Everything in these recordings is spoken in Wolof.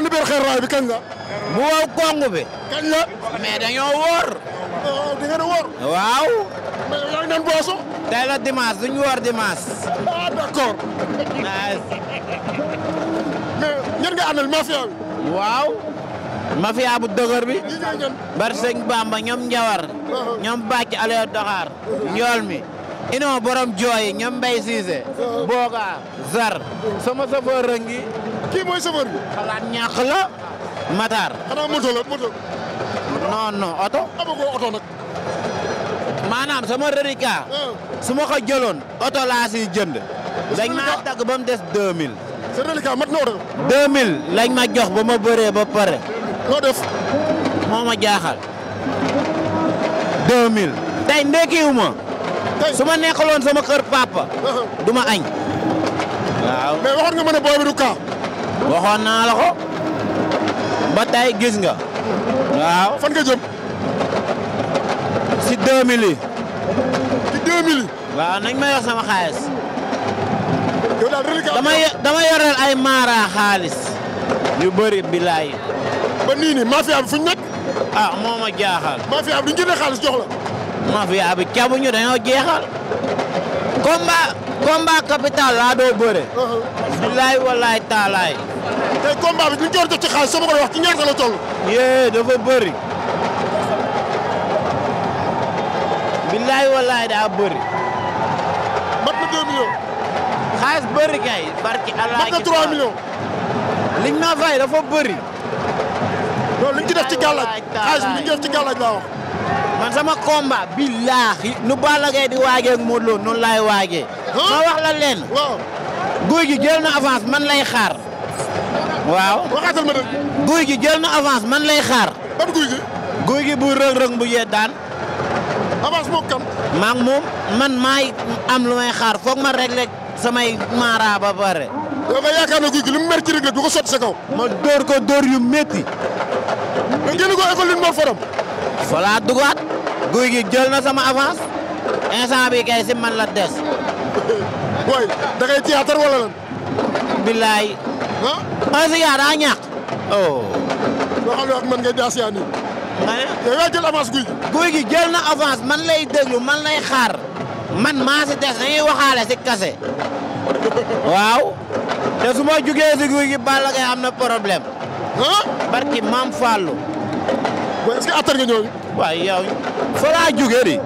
ànd biir xeer raay bi kañ la. bu wow kongu bi. kañ dañoo wóor. waaw. mais la dimanche duñ wóor dimanche. ah d'accord. ñan nga àndal mafia bi. waaw. mafia dëgër bi. bar sëñ Bamba ñoom Njawar. Uh-huh. ñoom Bàcc Aliou Doxaar. Uh-huh. njool mi. ino borom jooyi ñoom Mbaye Cissé. Uh-huh. Booga Zar. sama safar rëngi. kii mooy chauffeur bi. xalaat ñàkk la. Matar. xanaa moto la oto. maanaam sama reliquat. Ah. su ma ko jëloon oto laa siy jënd. lañ ma tagg ba mu des 2000. sa reliquat mat na lañ ma jox ba ma bëree ba pare. loo def. moo ma jaaxal. 2000. tey ndekkiwu ma. su ma nekkaloon sama kër papa. Ah. du ma añ. waaw mais waxoon nga ma ne booy bi waxoon naa la ko ba tey gis nga waaw. fan nga si 2000 yi. nañ ma yor sama xaalis. dama dama ay maara xaalis. yu bëri bilaay. ba nii nii mafia bi fu ñu nekk. ah moo ma jaaxal. mafia bi duñ jëndee xaalis jox la. mafia bi cabuñu dañoo jeexal. combat. combat capital laa doo bëre. bilaay walaay taalaay. tey combat bi duñ ko doon def dafa bëri. bilaay walaay daa bëri. mat na 2 millions. xaalis bëri kay. barki allah mat na 3 millions. liñ ma fay dafa bëri. loolu liñ ci def ci gàllaaj xaalis bi liñ ci def ci gàllaaj laa man sama combat billaahi nu Balla Gaye di waagee ak Modou Lo laay waagee. ma wax la leen. guy gi jël na avance man lay xaar. waaw waxaatal ma dëgg. guy gi jël na avance man lay xaar. ban guy gi. guy gi bu rëng-rëng bu yee daan. avance moom kam. maa ngi man maay am lu may xaar foog ma réglé samay maara ba pare. yow nga yaakaar ne guy gi lu mer ci réglé du ko sotti sa kaw. ma dóor ko dóor yu métti. mais ngeen ko école Lune Mor Fadam. voilà dugaat. guy jël na sama avance. instant bi kay si man la des. booy da ngay théâtre wala lan. billaay. ah. Asiya daa ñàkk. oh. man nga di Asiya nii. ma ne. jël avance guy guy gi jël na avance man lay déglu man lay xaar. man maa si des dañuy waxaale si kase. waaw. te su ma jugee guy gi Balla Gaye am na problème. ah. barki maam Fallou. est-ce nga ñooñu. waaw yow. fa laa jugee di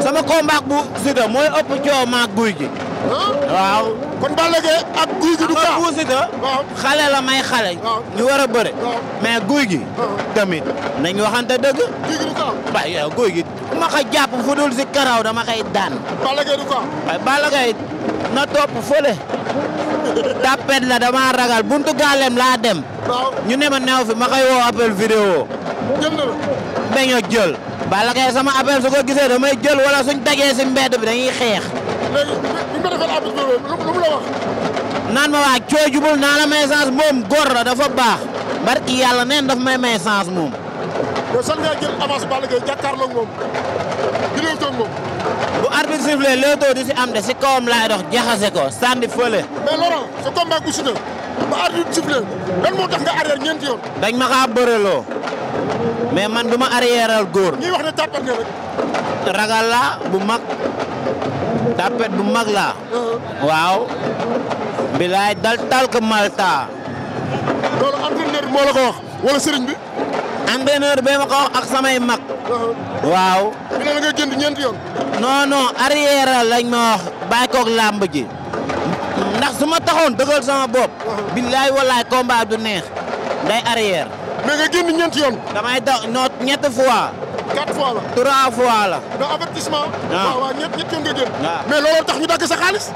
sama combat bu Siteu mooy ëpp coow maag guy gi. waaw. kon Balla Gaye ak guy gi du kaa bu Siteu xale la may xale. ñu war a bëre. mais guy gi. tamit nañ waxante dëgg. guy yow guy gi ma ko jàpp fu dul si karaw dama koy daan. Balla Gaye du kaa. waaye Balla na topp fële. tapet la dama ragal buntu gaalem laa dem. ñu ne neew fi ma koy woo appel vidéo. jël na la. jël. Balla Gaye sama appel su ko gisee damay jël wala suñ dajee si mbedd bi dañuy xeex. léegi bu ñu ko defee appel lu mu la wax. naan ma waa coo jubul naa la may moom góor la dafa baax barki yàlla neen daf may may chance moom. yow sax nga jël avance Balla Gaye jàkkaarloog moom di léewtoo moom. bu arbitre sifflé léewtoo di si am de si kawam laay dox jaxase ko sànni fële. mais Laurent sa combat bu Siteu ba arbitre sifflé moo tax nga arrière ñeenti dañ ma xaa mais man du ma arrièreal góor. ragal laa bu mag tàppet bu mag laa. Uh-huh. waaw. bilaay dal tal Malta. loolu entraîneur bi la ko wax wala sëriñ bi. entraîneur bi ma ko wax ak samay mag. Uh-huh. waaw. bi ne la nga lañ ma wax bàyyi koog làmb ji. ndax su taxoon dëggal sama bopp. Uh-huh. billaay walaay combat du neex. day arrière. mais nga génn ñeent yoon. damay daw noot ñett fois. quatre fois la. trois fois la. non avertissement. Ah. waaw ñett ñett yoon nga génn. waaw ah. mais looloo tax ñu dagg sa xaalis.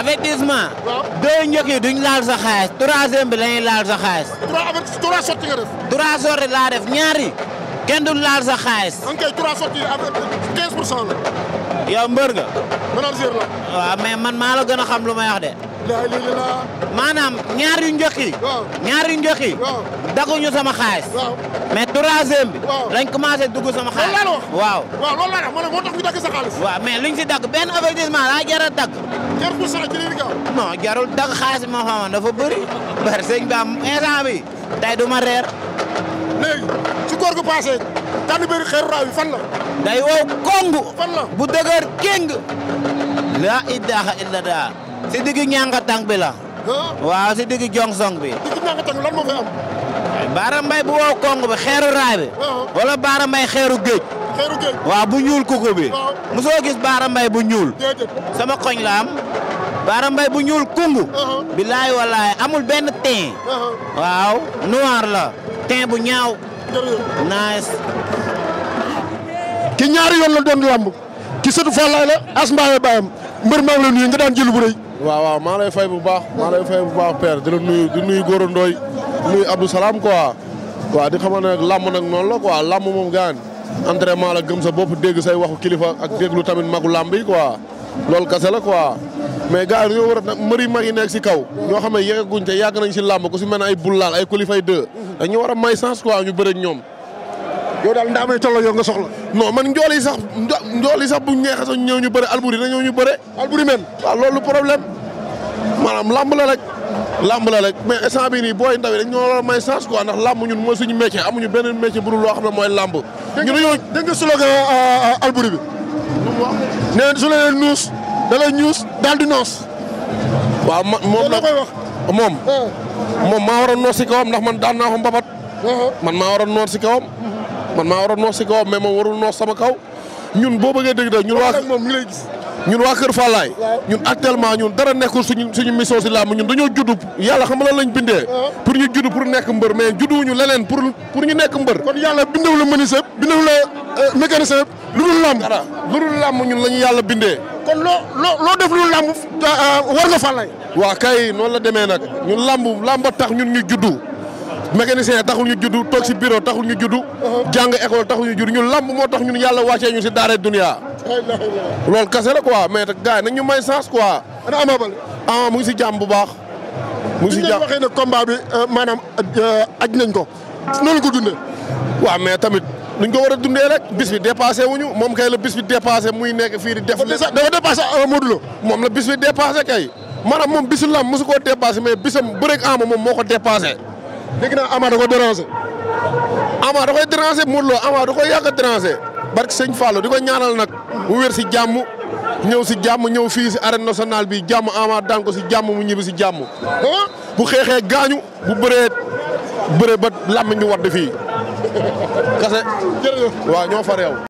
avertissement. waaw deux yi duñ laal sa xaalis troisième bi dañuy laal sa xaalis. trois avertis laa def ñaari. kenn du laal sa xaalis. Ah, ok la. mbër nga. manager la. man maa gën a xam lu may wax maanaam ñaar yu njëkk yi. ñaar yu njëkk yi. daguñu sama xaalis. mais troisième bi. lañ commencé dugg sama xaalis. waaw waaw loolu laa wax ma ne moo sa xaalis. mais luñ si dagg benn avertissement laa jar a dagg. jarul pour sax ma xamoon dafa bëri. bari sëñ bi am instant bi du ma reer. léegi su koor gu paasee tànn bëri xeeru day wow kongu. bu dëgër kéng. laa ilaaha illa daa. si digg ñànga tànk waaw si digg jong bi. digg mbay bu wow kong bi xeeru raay bi. wala baara mbay xeeru waaw bu ñuul kuku bi. mosoo gis baara mbay bu ñuul. sama koñ la am. baara mbay bu ñuul kungu. bilaay walaay amul benn teint. waaw noir la. teint bu ñaaw. ki ñaari yoon la doon lamb ki sëtu Fallaye la as mbaaye baayam mbër maa ngi nuyu nga daan jël bu waaw waaw maa lay fay bu baax maa lay bu baax père di la nuyu di nuyu Gora Ndoye nuyu Abdou Salam quoi di xamal ne nag làmb nag noonu la quoi làmb moom gaan entraînement la gëm sa bopp dégg say waxu kilifa ak déglu tamit magu làmb yi quoi loolu kase la quoi mais gaan yoo ñoo war a mëri mag yi nekk si kaw ñoo xam ne yeggaguñ te yàgg nañ si làmb ku si mel ne ay bullaal ay kulifay deux dañu war a may sance quoi ñu bëre ak ñoom yow daal ndaamay tolloo yow nga soxla. non man njool yi sax njool yi sax bu neexee sax ñëw ñu bëre alburi na ñëw ñu bëre. alburi men waaw loolu problème maanaam lamb la rek. lamb la rek mais instant bi nii booy ndaw yi dañ a may chance quoi ndax lamb ñun mooy suñu métier amuñu benn métier bu dul loo xam ne mooy lamb. dégg nga ñun dégg nga slogan euh, euh, euh, alburi bi. nee na su la nee nuus da lay ñuus daal di noos. waaw man moom la koy wax moom. Ah. moom a noos si kawam ndax man daan naa ko mbabat. Ah. man maa war si kawam. Mm-hmm. man maa waroon noos si kawam mais moom warul noos sama kaw ñun boo bëggee dëgg dëgg ñun waa moom ngi lay gis ñun waa Kër Fallaay ñun actuellement ñun dara nekkul suñu suñu mission si làmb ñun dañoo judd yàlla xam lan lañ bindee pour ñu judd pour nekk mbër mais judduwuñu leneen pour pour ñu nekk mbër kon yàlla bindew la menuisier bindew la euh, mécanicien lu dul làmb lu dul làmb ñun la ñu yàlla bindee kon loo loo def lu dul làmb euh, war nga Fallaay waa kay noonu la demee nag ñun làmb làmb tax ñun ñu juddu mécanicien taxul ñu juddu toog si bureau taxul ñu juddu. jàng école taxul ñu juddu ñu lamb moo tax ñun yàlla wàccee ñu si daara dunya. loolu kase la quoi mais gars yi nag ñu may chance quoi. ana Ama si jàmm bu baax. mu ngi si jàmm waxee ne euh, maanaam euh, aj nañ ko. noonu ko dundee. waaw mais tamit nuñ ko war a dundee rek bis bi dépassé wuñu moom kay la bis bi dépassé muy nekk fii di. def dafa dépassé Modou moom la bis bi dépassé kay. maanaam moom bisu lam mosu koo dépassé mais bisam bëreeg Ama moom moo ko dépassé. dégg naa Ama da ko déranger Ama da koy déranger Modou Lo Ama da koy yàgg a déranger barke sëñ di ko ñaanal nag mu wér si jàmm ñëw si jàmm ñëw fii si arène national bi jàmm Ama daan si jàmm mu ñibbi si jàmm ah, bu xeexee gaañu bu bëree bëree ba làmmiñ bi wadd fii kase jërëjëf ñoo fa réew